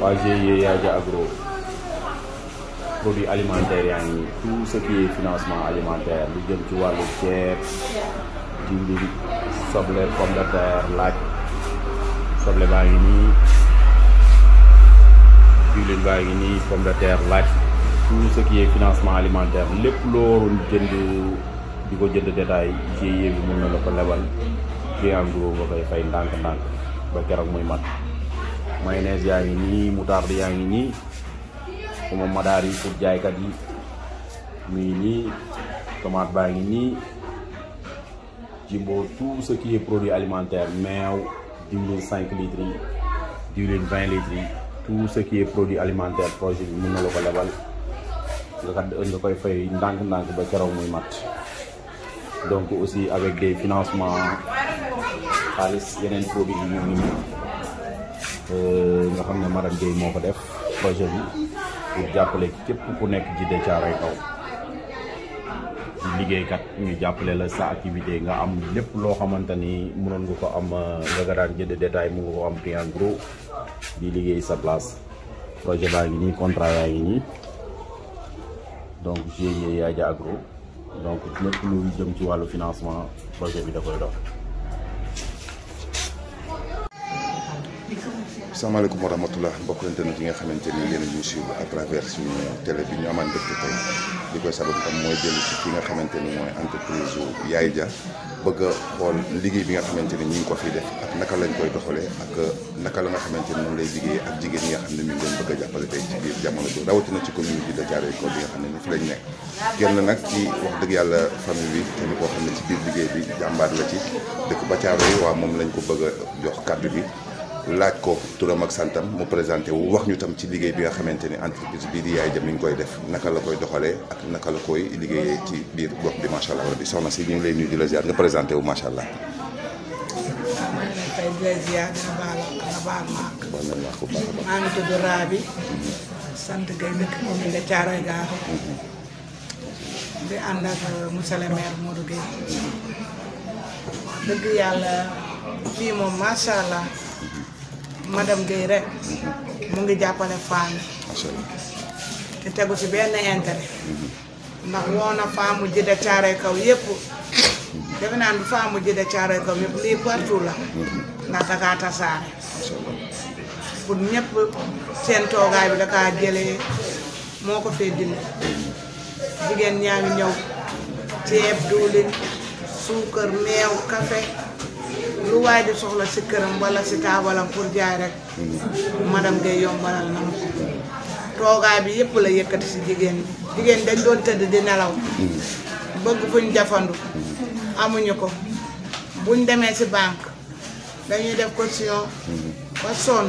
waa GIE Yadia Agro produits alimentaires yaa ngi tout ce qui est financement alimentaire lu jëm ci wàllu ceeb diwlin soble pomme de terre laaj soble baa ngi nii diwlin baa ngi nii pomme de terre laaj tout ce qui est financement alimentaire lépp loo waroon jënd di ko jënd détail GIE bi mun na la ko lebal client groupe nga fay ndànk-ndànk ba keroog muy mat mayonnaise yaa ngi nii moutarde yaa ngi nii sama madaar yi pour jaaykat yi mu ngi nii tomate baa ngi nii jimbo tout ce qui est produit alimentaire meew diwlin cinq litres yi diwlin vingt litres yi tout ce qui est produit alimentaire projet bi mën na la ko lebal nga kat nga koy fay ndànk-ndànk ba keroog muy mat donc aussi avec des financements xaalis yeneen produits yi ñu ngi Euh, nga xam ne Marème Gueye moo ko def projet bi pour jàppale képp ku nekk ci Djidah Kaw di liggéeykat ñu jàppale la sa activité nga am lépp loo xamante ni mënoon nga ko am nga euh, nga daan jënd détail mu nga ko am prix en di liggéey sa place projet baa ngi nii contrat yaa ngi nii donc GIE Yadia Agro donc lépp lu jëm ci wàllu financement projet bi da koy dox salaamaaleykum wa rahmatulah mbokk internet yi nga xamante ni yéen ñu suivre à travers suñu bi ñoo amaan dëkk tey li koy sabab tam mooy dellu si nga xamante ni mooy entreprise yu Yaye Dia bëgg a xool liggéey bi nga xamante ni ñu ngi ko fi def ak naka lañ koy doxalee ak naka la nga xamante ni moom lay liggéey ak jigéen ñi nga xam ne mi ngi leen a jàppale tey ci biir jamono ji na ci commune bi de Thiaroye bi nga xam ne ni fi lañ nekk kenn nag ci wax dëgg yàlla famille bi xam ne ci biir liggéey bi jàmbaar la ci dëkk ba Thiaroye waaw moom lañ ko bëgg jox kàddu bi laaj ko turam ak santam mu présenté wu wax ñu tam ci liggéey bi nga xamante ni entreprise bii di Yaay Dia mi ngi koy def naka la koy doxalee ak naka la koy liggéeyee ci biir gox bi macha allah rabbi soxna si ñu ngi lay nuyu di la ziar nga présenté wu macha allah. maa sant Guèye dëkk commune de Thiaroye Gare. di ànd ak monsieur le maire dëgg yàlla fii moom macha allah. madame Guèye rek mu ngi jàppale femme te tegu ci benn intérêt ndax woo na femme ji de caaree kaw yëpp defe naa ne femme ji de caaree kaw yëpp lii partout la ndax dakaa tasaare pour ñëpp seen toogaay bi dakaa jëlee moo ko fee dindi jigéen ñaa ngi ñëw ceeb diwlin suukar meew café lu waay di soxla si këram wala si taabalam pour jaay rek madame Gueye yombalal na ma ko bi yëpp la yëkkati si jigéen jigéen dañ doon tëdd di nelaw bëgg fuñ jafandu amuñu ko buñ demee si banque dañuy def caution ba sonn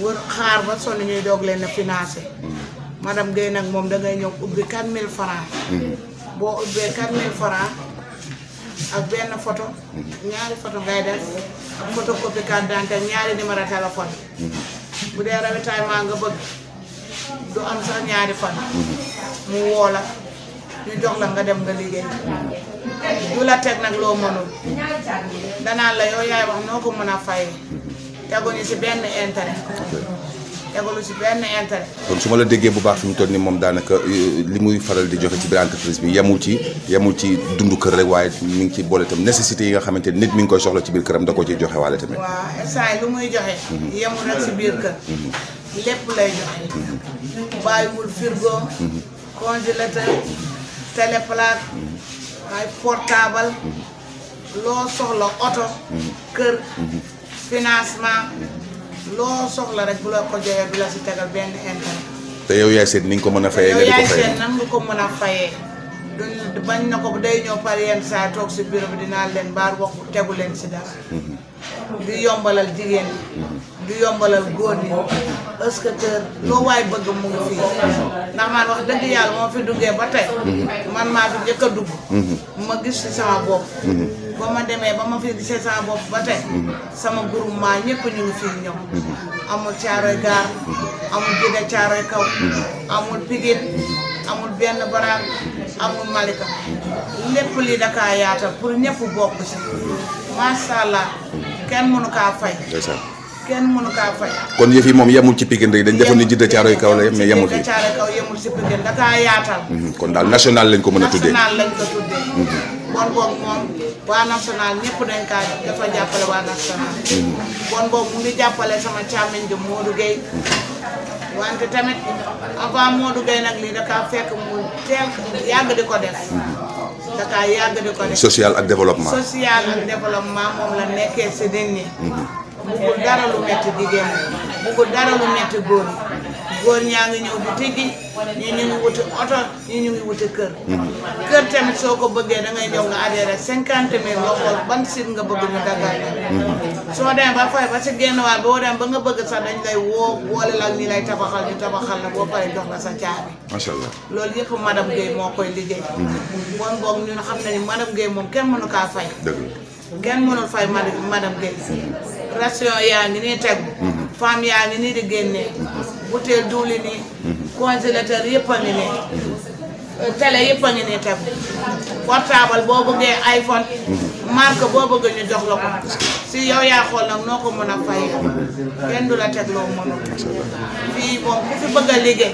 wër xaar ba sonn ñuy doog leen a financé madame Gueye nag moom dangay ñëw ubbi 4000 francs mm-hmm. boo ubbee 4000 francs ak benn foto ñaari foto ngay def ak photocopie carte d'identité ak ñaari numéro téléphone mhm. bu dee ravitaillement nga bëgg du am sax ñaari fan mu woo ñu jox la nga dem nga liggéey mhm. du la teg nag loo mënul mhm. danaan la yow yaay wax noo ko mën a fay teguñu ci benn intérêt tegalu benn intérêt. kon su ma la déggee bu baax fi mu toll nii moom daanaka euh, li muy faral di joxe ci biir entreprise bi yemul ci yemul ci dundu kër rek waaye mi ngi ci boole itam nécessité yi nga xamante nit mi ngi koy soxla ci biir këram da ko ciy joxe waale tamit. waaw instant lu muy joxe. Mhm. yemul rek si biir kër. Mhm. lépp lay joxe. Mhm. bàyyiwul frigo. congélateur. téléplaque. ay portable. loo soxla oto. kër. financement. loo soxla rek bu la ko joxee du la si tegal benn intérêt. te yow yaay seet ni ko mën a fayee. nga di ko fayee yaay seet nan ko mën a fayee. duñ bañ na ko day ñëw par yenn saa toog si bureau bi dinaa leen baar wax tegu leen si dara. Mhm. du yombalal jigéen ñi. Mhm. yombalal góor ñi. parce que loo waay bëgg mu ngi fii. Mhm. ndax man wax dëgg yàlla moo fi duggee ba tey. man maa fi njëkk dugg. ma gis si sama bopp. ba ma demee ba ma fi seet saa bopp ba tey. Mhm. sama groupement ñëpp ñu ngi fi ñëw. Mhm. amul caaroy gaar. Mhm. amul Jide caaroy kaw. amul Pigit. amul benn baraag amul Malika. lépp li da yaatal pour ñëpp bokk si. macha allah kenn mënu kaa fay. kenn mënu kaa fay. kon yëf yi moom yemul ci Pikine rek dañ defoon ni jidda yu kaw la mais yemul fi jidda caaroy si Pikine da yaatal. kon daal national lañ ko mën a tuddee. bon boobu moom waa national ñëpp dañ kaa dafa jàppale waa national mm-hmm. bon boobu mu ngi jàppale sama càmmiñ bi Modou Gueye mm-hmm. wante tamit avant Modou Gueye nag lii dakaa fekk mu teel yàgg di ko def mm-hmm. dakaa yàgg di ko def social ak développement moom la nekkee si nit ñi dara lu metti jigéen ñi buggul dara lu metti góor góor ñaa ngi ñëw di tijji ñi ñu ngi wuti oto ñi ñu ngi wuti kër kër tamit soo ko bëggee da ngay ñëw nga adhéré cinquante mille nga xool ban site nga bëgg ñu daggal soo demee ba fay ba si génn waa boo dem ba nga bëgg sax dañ lay woo boole la ñi lay tabaxal ñu tabaxal la boo paree jox la sa caabi macha allah loolu yëpp madame Guèye moo koy liggéey moom boog ñun moom kenn mënu kaa fay kenn mënul fay madame Guèye mm-hmm. ration yaa ngi nii tegu mm-hmm. femme yaa ngi nii di génnee butéel duuli nii congélateur yëpp a ngi nii télé yëpp a ngi nii tam portable boo bëggee iPhone marque boo bëgg ñu jox la ko si yow yaa xool nag noo ko mën a fay kenn du la teg loo mënul fii moom fi bëgg a liggéey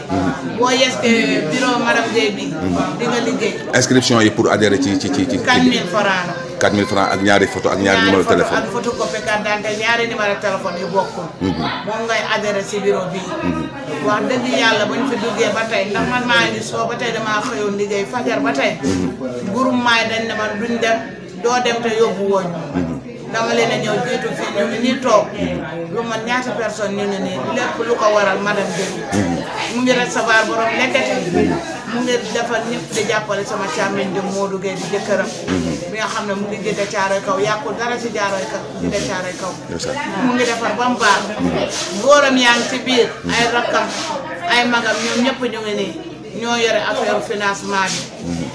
boo yeskee bureau madame Guèye bi di liggéey inscription yi pour adhérer ci ci ci ci 4000 francs 4000 francs ak ñaari photo ak ñaari numéro téléphone ñaari photo ak photocopie carte d'identité ñaari numéro téléphone yu bokkul. Mhm. ngay adhéré si bii. Mhm. wax dëgg yàlla bañ fi duggee ba tey ndax man soo ba tey damaa xëyoon liggéey fajar ba tey. Mhm. groupement yi dañ ne man duñ dem doo dem te dama leen a ñëw jiitu fii ni ngi nii toog lu man ñaata personne ñu ngi nii lépp lu ko waral ma madame Guèye mu ngi recevoir borom lekkati mu ngi defal ñëpp di jàppale sama càmmiñ di Modou Guèye di jëkkëram bi nga xam ne mu ngi gëdd a caaroy kaw yàqul dara si jaaroy kaw gëdd a caaroy kaw mu ngi defar ba mu baax yaa ngi ci ay rakkam ay magam ñoom ñëpp ñu ngi nii ñoo yore affaire financement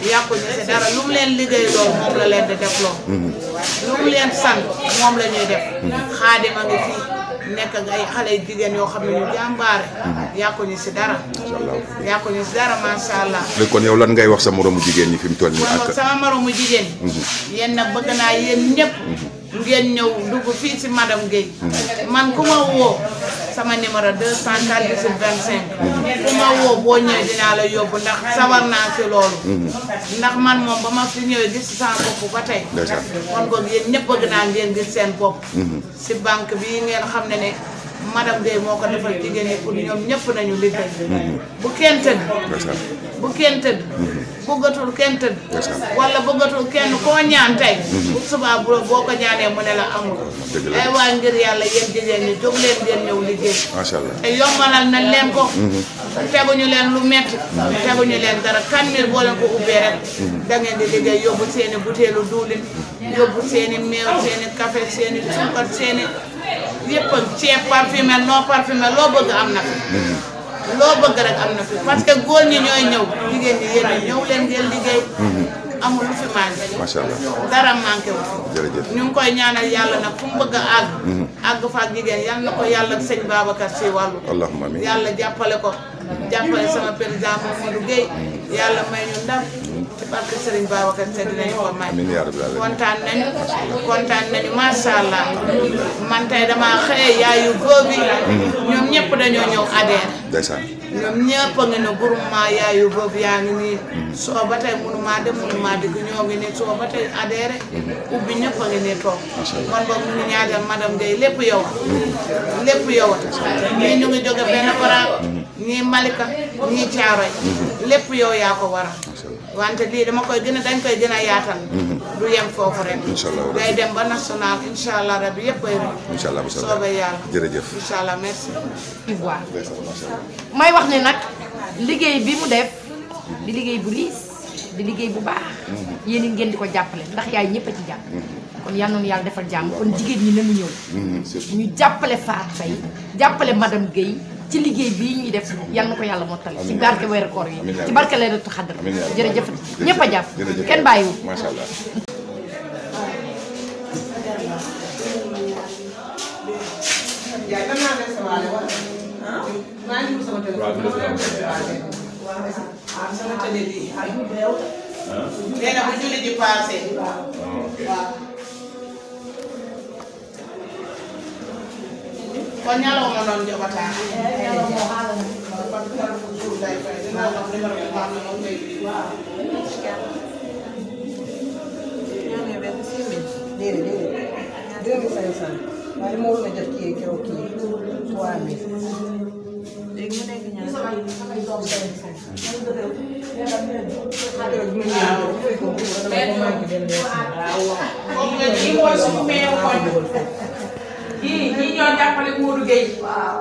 bi yàquñu si dara lu mu leen liggéey lool moom la leen di def lool mhm. lu mu leen sant moom la ñuy def mhm. xaadima nga fii nekk ak ay jigéen yoo xam ne ñu jàmbaare mhm. yàquñu si dara yàquñu si dara macha allah léegi yow lan ngay wax sa moroomu jigéen ñi fi mu toll nii ak sama moroomu jigéen ñi yéen nag bëgg naa yéen ñëpp ngeen ñëw dugg fii si madame Guèye man ku ma woo sama numéro 247 25 ku ma woo boo ñëwee dinaa la yóbbu ndax sawar naa si loolu mhm. ndax man moom ba ma fi ñëwee gis ba tey kon ko naa ngeen gis seen bopp si mhm. banque bi ngeen xam ne ne madame Guèye moo ko defal jigéen ñi pour ñoom ñëpp nañu liggéey mhm. bu kenn tëdd bu kenn bëggatul kenn tëdd wala bëggatul kenn koo ñaan tey bu mm-hmm. subaa bu boo ko ñaanee mu ne la amul ay waa ngir yàlla yéen jigéen ñi jóg leen ngeen ñëw liggéey macha allah te yombalal nañ leen mm-hmm. leen lu metti mm-hmm. teguñu leen dara kan mil boo leen ko ubbee rek da ngeen di liggéey yóbbu seen i butéelu duulin yóbbu seen meew seen i café seen i suukar seen ceeb parfumé non parfumé loo bëgg am na loo bëgg rek am na fi parce que góor ñi ñooy ñëw jigéen ñi yéen ñëw leen liggéey mhm. amul lu fi manqué dara manqué wu jërëjëf ñu ngi koy ñaanal yàlla nag fu mu bëgg a àgg mhm. àgg fa ak jigéen yal na ko yàlla sëñ Babacar si wàllu allahumma amiin yàlla jàppale ko jàppale sama président Mamadou Guèye mhm. yàlla may ñu ndam ci barke Serigne Babacar Sy dinañu ko may. amiin yaa rabbi amiin kontaan nañu kontaan nañu macha allah man tey damaa xëyee yaayu góob yi. Mm-hmm. ñoom ñëpp dañoo ñëw adhéré. ndeysaan ñoom a ngi ne groupement yaayu góob yaa ngi nii. Mm-hmm. soo ngi nii soo ba tey adhéré. Mm-hmm. ubbi ñëpp a ngi nii toog. macha allah ñu ngi ñaajal madame Guèye lépp ñu ngi jóge benn barab. yaa ko waral. wante lii dama koy gën a dañ koy gën a yaatal. Mhm. du yem foofu rek. incha allah day dem ba national incha allah rabi yëpp ay rek. incha allah soobee yàlla jërëjëf. incha allah merci. may wax ne nag liggéey bi mu def di liggéey bu riis di liggéey bu baax. Mhm. yéen ngeen di ko jàppale ndax yaay ñëpp a ci jàpp. Mhm. kon yal noonu yàlla defal jàmm kon jigéen ñi nañu ñëw. ñu jàppale Fatou Faye jàppale madame Guèye. ci liggéey bii ñuy def yal na ko yàlla mottali ci barke weeru koor yi ci barke lay dotu xaddal jërëjëf a jàpp kenn bàyyiwul macha allah sama kon ñaar ma doon jobataan. ñaar ma ko xaaral parce que ñaar fukki suuf day fay dinaa jox numéro bi xam ne moom ngay lii. waaw. déedéet déedéet deux mille cinq cent waaye moo la jot kii keroog kii trois mille léegi mu nekk ñaar waaw waaw. kii ñii ñoo jàppale Modou Gueye. waaw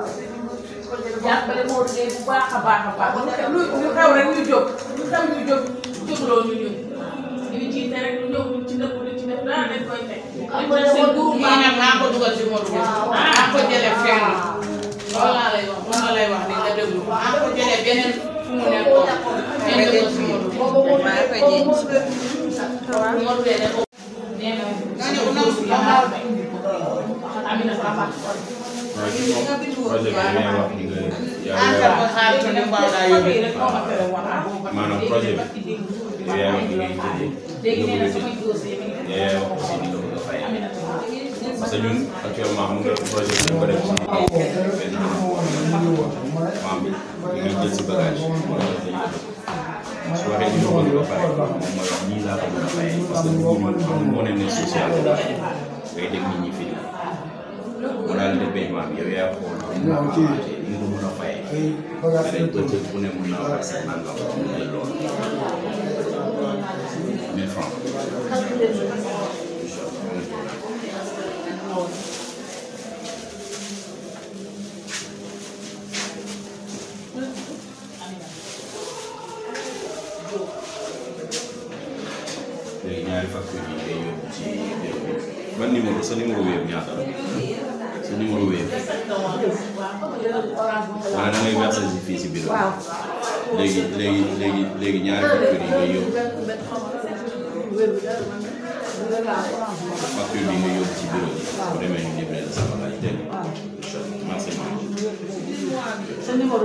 jàppale Modou Gueye bu baax a baax a baax. lu lu xew rek ñu jóg lu xew ñu jóg jógloo ñu jóg. ñu jiite rek ñu jóg ñu ci dëkk ñu ci def dara dañ koy teg. am na solo kii nag naa ko dugal ci Modou Gueye. naa ko jëlee fenn. loolu laa lay wax moom la lay wax ni nga déglu. naa ko jëlee beneen fu mu nekkoon. ngeen déglu ci Modou Gueye. maa ngi koy jéem. Modou Gueye de. nee na. maanaam projet bi yow yaa ngi wax ni ngay tëjee yow wax aussi di nga fay parce que ñun actuellement mu ngi projet bi ñu ko def si benn maam bi ñu ngi jël si bagage su waxee ñu ko ba pare moom mooy ñii laa ko mën a fay parce que ñu moo ne ne social ngay dem mu daal di paiement bi yow yaa xool paiement bi ñu ko mën a fayee beneen ne mën naa fay sa nangam mu ne loolu mille francs numéro sa numéro wéeb ñaata la sa numéro wéeb maanaam da ngay versé si fii si biir léegi léegi léegi léegi ñaari facture yi ngay yóbbu facture bi ngay yóbbu ci bureau bi bu demee ñu livré la sama laaj dégg merci sama numéro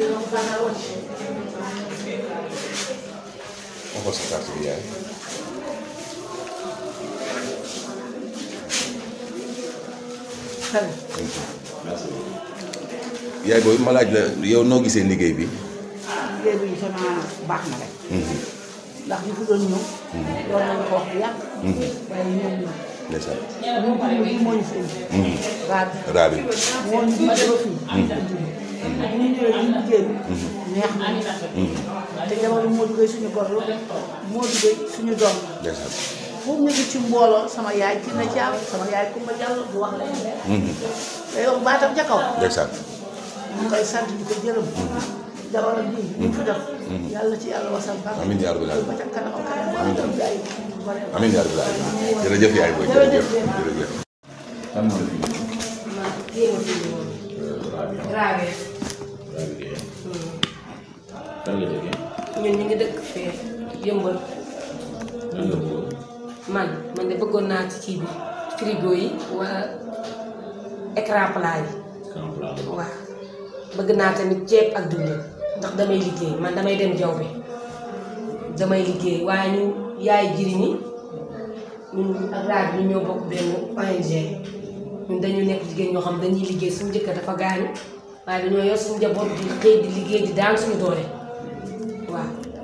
waxal sa carte bi yaay. yaay boobu la yow noo gisee liggéey bi. liggéey bi sama baax na rek. Mhm. ndax ñu fi doon ñëw. doon mhm. nañu ko wax bu ñu ñëwee ñu jigéen neex na te jamono moo duggee suñu gor la moo duggee suñu doom la foofu ngi ci mbooloo sama yaay ci na caam sama yaay Kumba Jàll du wax la day wax baatam ca kaw mu koy sant di ko jërëm jamono bii ñu fi def yàlla ci yàlla wasal ba amiin yaa rabbal aalamiin ba ca kanam ak kanam amiin amiin yaa fan nga ñun ñu ngi dëkk fee yëmbal. man man de bëggoon naa ci bi frigo yi wala écran plat yi. écran bëgg naa tamit ceeb ak dundal ndax damay liggéey man damay dem jaw bi damay liggéey waaye ñu yaay jiri ni ñun ak raaj ñu ñoo bokk benn ONG ñun dañu nekk jigéen ñoo xam dañuy liggéey suñu jëkkër dafa gaañu waaye dañoo yor suñu njaboot di xëy di liggéey di daan suñu doole.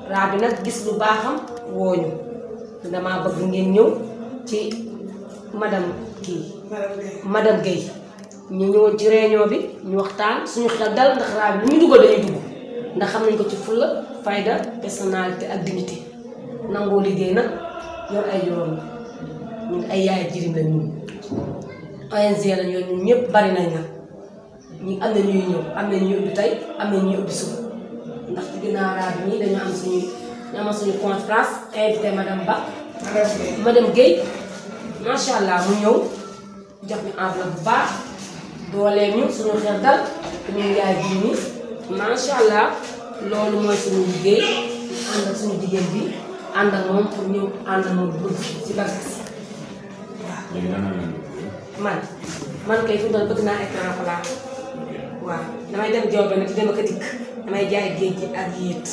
raa bi nag gis lu baaxam wooñu damaa bëgg ngeen ñëw ci madame kii madame ñu ñëwoon ci réunion bi ñu waxtaan suñu xel dal ndax raa bi lu ñu dugal dañuy dugg ndax xam nañ ko ci fulla fayda personnalité ak dignité nangoo liggéey nag yor ay yoon ñun ay yaay jirim ñun ONG la bari nañ nag ñu am na ñuy ñëw am na ñuy ubbi tey am na ñuy ubbi suba ndax ci ginnaaw raay bi nii dañu am suñu ñu amal suñu conférence invité madame Ba. madame Guèye macha allah mu ñëw jox ñu enveloppe bu baax doolee ñu suñu xel dal ñu yaay ji nii macha allah loolu mooy suñu liggéey ànd suñu jigéen bi ànd ak moom pour ñëw ànd ak moom dugg ci bagage yi man man kay fi mu naa écran plat waaw damay dem jox benn ci dem damay jaay géej gi ak yéet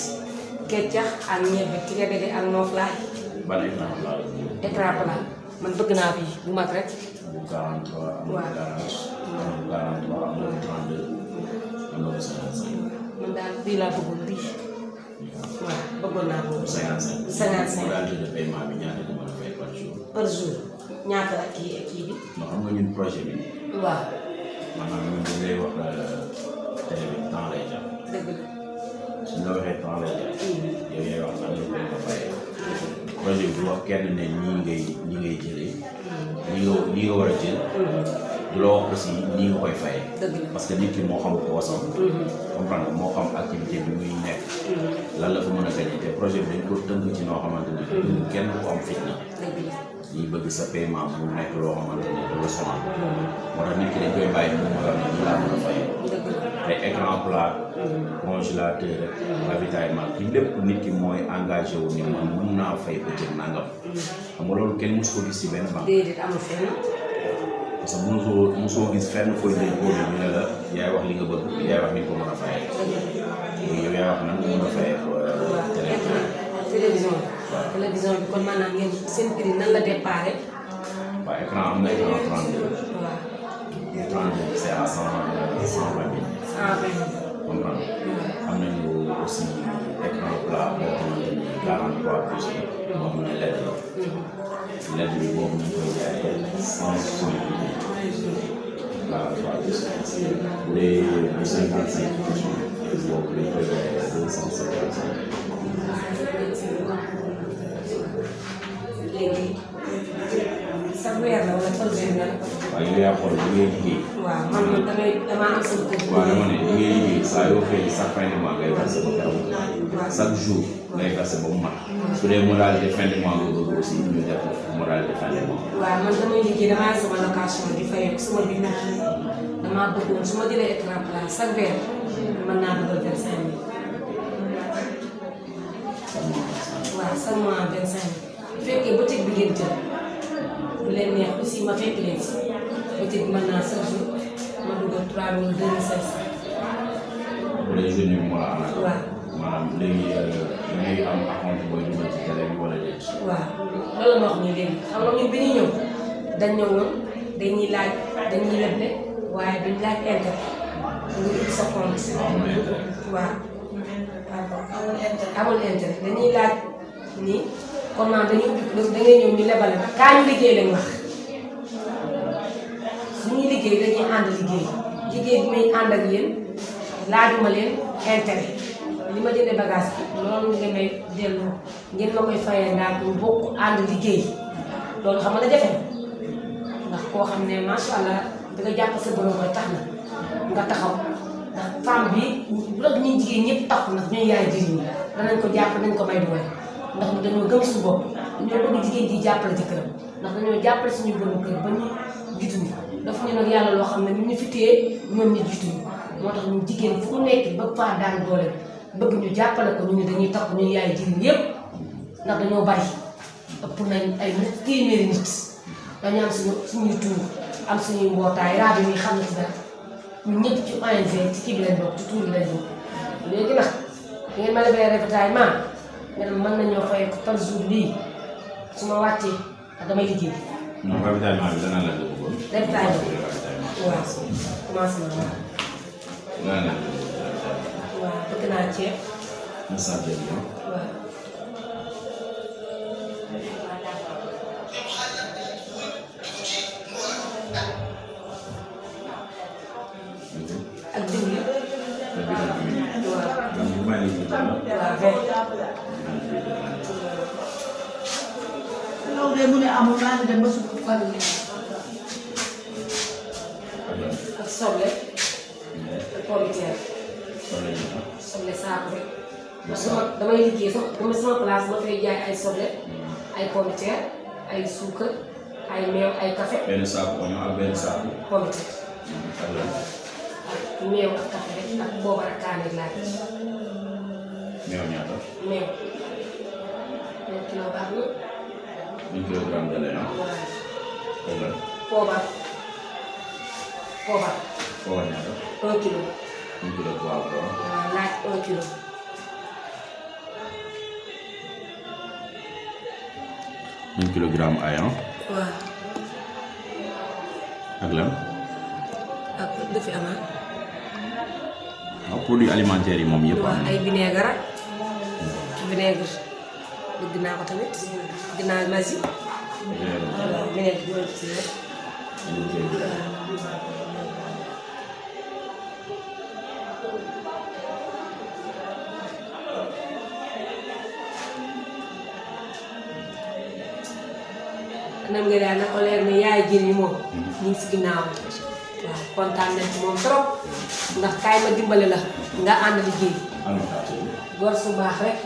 keccax ak ñebe tigabede ak nooflaay. ban écran plat la. écran plat man bëgg naa bi bu mag rek. man daal bii laa bëggoon bii. waaw bëggoon naa ko. 55 55 modalité de par jour. ñaata ak kii ak kii bi. waaw. dëgg la suñ waxee temps lay wax kenn ne ñii ngay ñi ngay jëlee ñi nga war a jël du la wax aussi nii nga koy fayee parce que nit ki moo xam poosam comprendre moo xam activité bi muy nekk lan la fa mën a gagné te projet bi dañ ko tënk ci noo xamante ne kenn ku am fitna ñuy bëgg sa paiement bu nekk loo xamante ne da moo tax nit dañ koy bàyyi mu ma la laa mën a fayee ay écran plat euh, congélateur ravitaillement bi lépp nit ki mooy engagé wu man mën naa fay bëccëg nangam xam nga loolu kenn mosu ko gis fenn. fooy dégg boobu ñu ne la yaay wax li nga bëgg yaay wax ni ko mën a fayee yow yaay wax nan euh, bi kon maanaam ngeen seen prix nan la déparé. waaw écran am na écran 32. waaw 32 c'est à 120 Amen. Amen. aussi écran plat boo xamante ni 43 pouces la boo xam ne LED la LED bi boobu ñu koy jaayee 170 43 pouces bu dee bu 55 pouces boobu dañ koy jaayee 255 yow yaa xool li ngay liggéey. waaw man man damay ba keroog. chaque jour ngay versé ba mu su dee moralité de mois nga bëgg aussi ñu def moralité fin de mois. waaw man damay liggéey damaa am sama location di fay ak sama bi nag ma jëlee écran plat chaque weer mën naa dugal vingt cinq mille. waaw chaque mois vingt cinq ma dugal trois mille deux mille cinq cent. les jeunes euh, waaw loolu ma nii léegi xam nga bi ñuy ñëw dañ ñëwoon laaj dañuy leble waaye duñ laaj intérêt ñu laaj ni comment dañuy da ngay ñëw ñu lebal la kaa liggéey lañ wax. bu liggéey dañuy ànd liggéey liggéey bi may ànd ak yéen laajuma leen li ma jëndee bagage bi noonu ngeen may dellu ngeen ma koy fayee loolu nga jafe ndax koo xam ne macha allah da nga jàpp sa borom tax na nga taxaw ndax femme bi la ñuy jigéen ñëpp taxu ndax ko jàpp nañ ko may doole ndax ñu dañoo gëm suñu bopp dañoo bëgg ji jàppale ci këram ndax dañoo jàppale suñu borom kër ba ñu gituñu dafa ñu nag yàlla loo xam ne ñu ñu fi téye ñoom ñu jiitu moo tax ñu jigéen fu nekk bëgg faa daan doole bëgg ñu jàppale ko ñu ne dañuy takk ñu yaay jigéen yépp ndax dañoo bari ëpp nañ ay nit téeméeri nit suñu mbootaay rajo yi xam ne ci dara ñun ñëpp ci ONG ci kii bi lañ bokk ci tuur bi lañ bokk léegi nag ngeen ma lebee ravitaillement nañoo fay par lii su ma wàccee damay liggéey. def bàyyi waaw commencé na waaw. waaw. waaw bëgg naa ceeb. na saa jënd waaw. ak diwli. waaw. waaw. loolu de mu ne amul maa ngi dem ba suuf soble. pompière. soble yi ah. soble saako rek. damay liggéey sax dama sama place ma fay jaay ay soble. Mm. ay pompière ay suukar ay meew ay café. benn saako ak benn saako. pompière. Mm, ak ak café rek ak boobar ak kaane laa ci. meew ñaata. meew. meew kilo baax na. 1 kilogramme de lait ah. waaw. poobar. poobar ñaata. un kilo. un kilo poobar. waaw naaj un kilo. un kilogramme ay ah. waaw. ak lan. ak lu fi amaat. Ah. waaw produits alimentaires yi moom yëpp. ay vinaigre ak. vinaigre bëgg naa ko tamit. vinaigre masi. vinaigre waaw vinaigre anam nga daal na ko leer ne yaay jël yi moom ñu si ginnaaw waaw kontaan moom trop ndax kaay ma dimbale la nga ànd liggéey gor su baax rek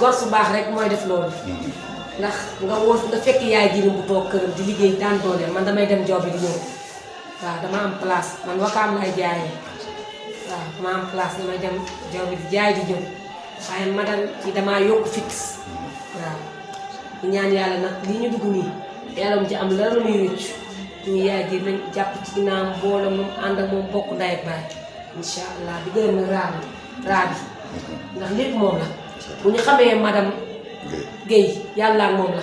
gor su baax rek mooy def loolu mm-hmm. ndax nga woo nga fekk yaay jirim bu toog këram di liggéey daan dooleel man damay dem joobe di ñëw waaw dama am place man wakaam lay jaayee waaw dama am place damay dem joobe di jaay di ñëw waaye madal ci damaa yokk fit waaw ñu ñaan yàlla nag li ñu dugg nii ci am la muy rëcc ñu yaay ji nañ jàpp ci ginnaaw mbooloo moom ànd ak moom bokk ndey baay incha allah di gërëm nag raam raab yi ndax lépp moom la bu ñu xamee madame géey yàlla ak moom la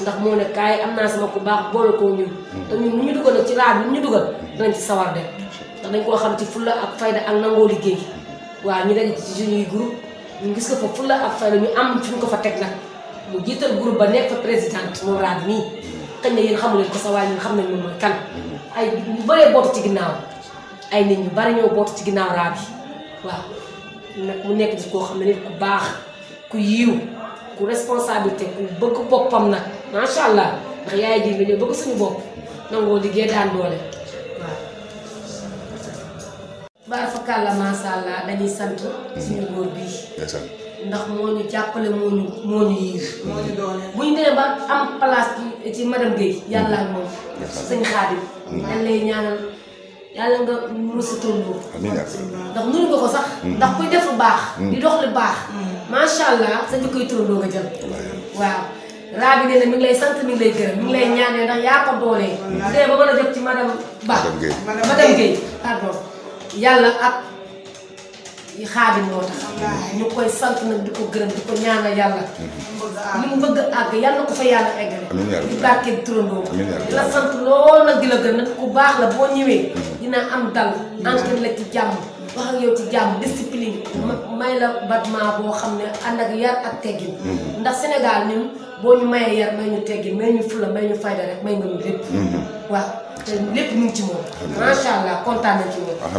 ndax moo ne kaay am naa sama ku baax boole koo ko hmm. te ñun lu ñu nag ci laaj bi ñu dugal hmm. dinañ ci sawar dem hmm. ndax dañ koo xam ci fulla ak fayda ak nangoo liggéey waaw ñu daje ci suñuy groupe ñu gis ko fa fulla ak fayda ñu am fi ñu ko fa teg la mu jiital group ba nekk fa présidente moom raad mii xëy na yéen xamu leen xam nañ moom mooy kan ay ñu bëree bootu ci ginnaaw ay nit ñu bari ñoo bootu ci ginnaaw raad yi waaw mu nekk di koo xam ne nit baax ku yiiw ku responsabilité ku bëgg boppam na macha allah ndax yaay ji bi ñu bëgg suñu bopp nangoo liggéey daan doole waaw. barakalla macha allah dañuy sant. suñu góor bii. ndax moo ñu jàppale moom. sëñ Xaadim. dañ nga ko sax. Hmm. ndax kuy def lu baax. Hmm. di dox lu baax. Hmm. macha allah sa jikkoy turandoo nga jël waaw raa bi nee na mi ngi lay sant mi ngi lay gërëm mi lay ñaanee ndax yaa ko doole bu dee ba mën a jot ci madame Ba madame Guèye yàlla ak xaadim moo tax ñu koy sant nag di ko gërëm di ko ñaanal yàlla mm-hmm. li mu bëgg àgg yàlla ko fa yàlla eggale di barkeel turandoo di la sant lool nag di la gërëm nag ku baax la boo ñëwee mm-hmm. dina am dal enquête la ci jàmm wax ak yow ci jàmm discipline mm-hmm. may la batma boo xam ne ànd ak yar ak teggin mm-hmm. ndax Sénégal ñun boo ñu mayee yar may ñu teggin may ñu fula may ñu fayda rek may nga ñu lépp mm-hmm. waaw lépp ñu ci moom macha allah kontaan na ci moom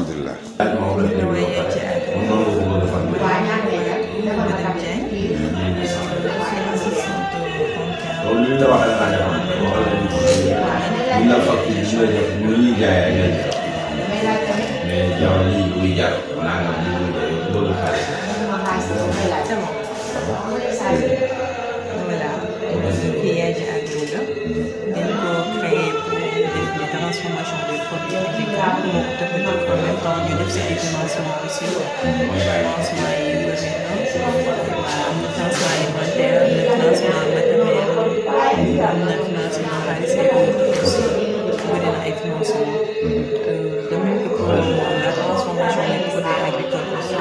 要立足一点，我那个立足一点，不能开始。Qui est à Doula, nous créé pour les transformations des produits médicaux, nous devons permettre de nous faire des dimensions aussi, le transfert alimentaire, le transfert matériel, le transfert réalisé aussi, pour les financements. De même que pour le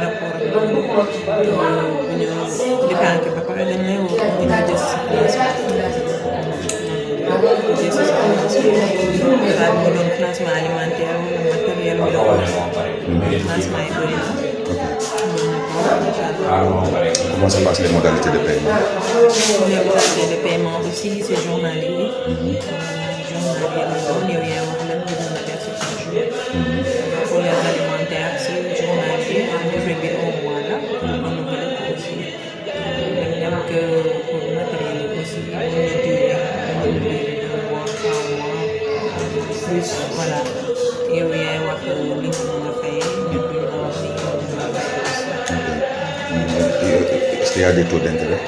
rapport ak euh, bu ñu différente ba pare dañ lay woo pour ñu jël sa financement alimentaire wala matériel wala wala financement yi bëri na. Comment se passent les modalités de paiement? Les modalités de paiement aussi, c'est journalier. Journalier, yow yaa y a des taux d'intérêt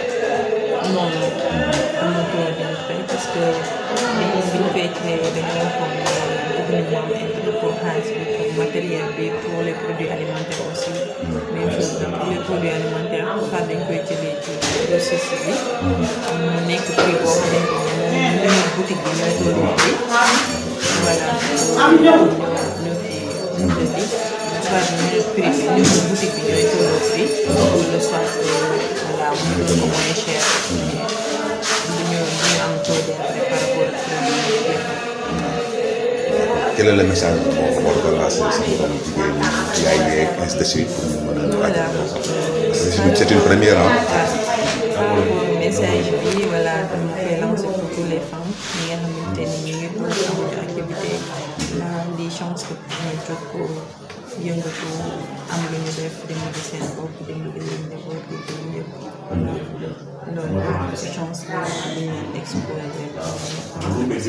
non non amul taux d'intérêt parce que dañuy bi ñu koy créé dañoo xam bëgg nañu am intérêt pour xaalis bi pour matériel bi pour les produits alimentaires aussi. même chose donc les produits alimentaires xaalis dañ koy jëlee ci ressource bi. mu nekk prix boo xamante ne moom mooy boutique bi ñooy produit bi. voilà ñu ngi ci ñu ngi ci prix bi ñu ngi boutique la le message bi moo ko war ko lancer suñu doomu jigéen ñi yaay yeeg ainsi de suite pour ñu mën a waaj parce que c'est une première ah. message bi voilà dama koy lancer pour tous les femmes ñi nga xamante ni ñu ngi posé amuñu activité di chance que ñu jóg yëngatu am lu ñu def dimbali seen bopp dimbali seen njaboot di ko yëpp loolu chance la ñu exposé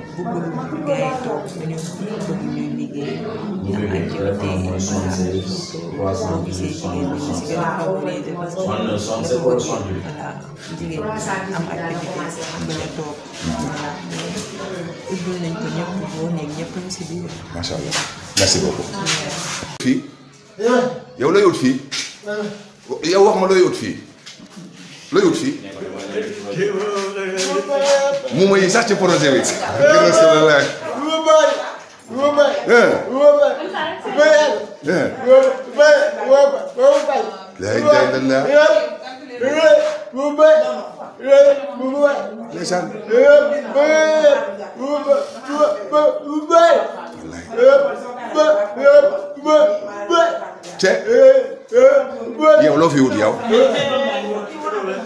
bëggoon nañu gars yi toog ñu ne ñu liggéey ñu am activité yi ñu voilà boo gisee jigéen ñi si gën a favorisé parce que voilà jigéen ñi am activité mën toog voilà nañ ko ñëpp boo nekk ñëpp ñu si biir. macha allah merci beaucoup. fii yow ut fii ma looy ut looy wut fii mu may sax ci projet bi. alhamdulilah. yow loo fi wut yow.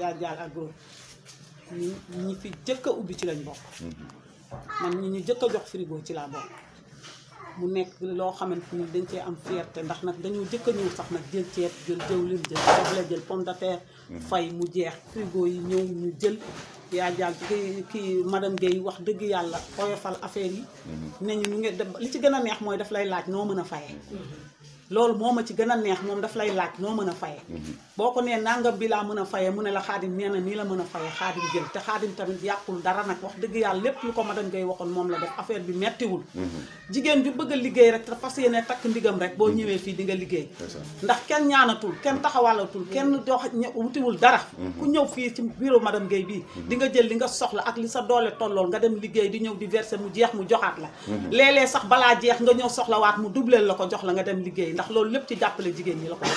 yaa jaal agro ñi ñi fi jëkk ubbi ci lañ bokk mm-hmm. man ñi ñu jëkk a jox frigo ci laa bokk mu nekk loo xamante ni dañ cee am fierté ndax nag dañoo jëkk a ñëw sax nag jël ceeb jël jëwlin jël soble jël pomme de terre mm-hmm. fay mu jeex frigo yi ñëw ñu jël yaa jaal ki kii madame Guèye wax dëgg yàlla oyofal affaire yi mm-hmm. ne ñu ngi li ci gën a neex mooy daf lay laaj noo mën a fayee loolu moo ma ci gën a neex moom daf lay laaj noo mën a faye mhm. boo ko nee nàngam bi laa mën a faye mu ne la xaadim nee na nii la mën a faye xaadim jël te xaadim tamit yàqul dara nag wax dëgg yàlla lépp lu ko ma dañ koy waxoon moom la def affaire bi mettiwul mhm. jigéen bi bëgg a liggéey rek te fas yéene takk ndigam rek boo mhm. ñëwee fii di nga liggéey ndax kenn ñaanatul kenn taxawalatul kenn dox wutiwul dara ku ñëw fii ci bureau madame Guèye bii di nga jël li nga soxla ak li sa doole tollool nga dem liggéey di ñëw di verser mu jeex mu joxaat la léeg sax balaa jeex nga ñëw soxlawaat mu dubleel la ko jox la nga dem liggéey ndax loolu lépp ci jàppale jigéen ñi la ko def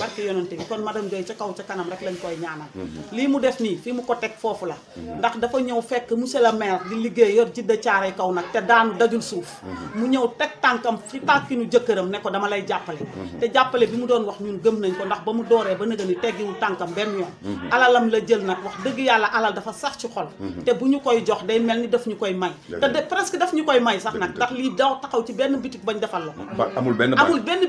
barke yonante bi kon madame Doye ca kaw ca kanam rek lañ koy ñaanal lii mu des nii fi mu ko teg foofu la ndax dafa ñëw fekk monsieur le maire di liggéey yor jidda caaray kaw nag te daan dajul suuf mu ñëw teg tànkam fi tànkinu jëkkëram ne ko dama lay jàppale te jàppale bi mu doon wax ñun gëm nañ ko ndax ba mu dooree ba nëga ni teggiwul tànkam benn yoon alalam la jël nag wax dëgg yàlla alal dafa sax ci xol te bu ñu koy jox day mel ni daf koy may te presque daf ñu koy may sax nag ndax lii daw taxaw ci benn bitik bañ defal la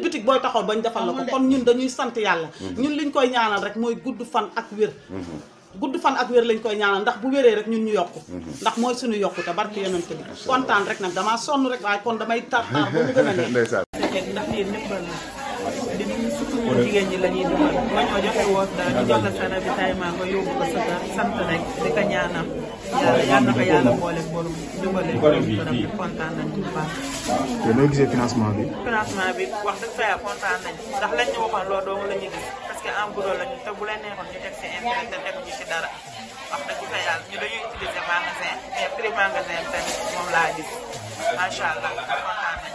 bitig booy taxaw bañ defal la ko kon ñun dañuy sant yàlla mhm. ñun liñ koy ñaanal rek mooy gudd fan ak wér mhm. gudd fan ak wér lañ koy ñaanal ndax bu wéree rek ñun ñu yokk mhm. ndax mooy suñu yokkute barke yonent bi kontaan rek nag damaa sonn rek waaye kon damay tartaar ba mu gën a neex ndax yéen ñëpp comme jigéen ñi la ñuy dugal ma ñoo joxe woon daal di jox la sa rabi taay maa nga yóbbu ko sa sant rek te noo gisee financement bi. financement bi wax dëgg yàlla ndax lañ ñu loolu dong gis parce que am la ñu te bu leen neexoon ñu teg si moom laa gis macha allah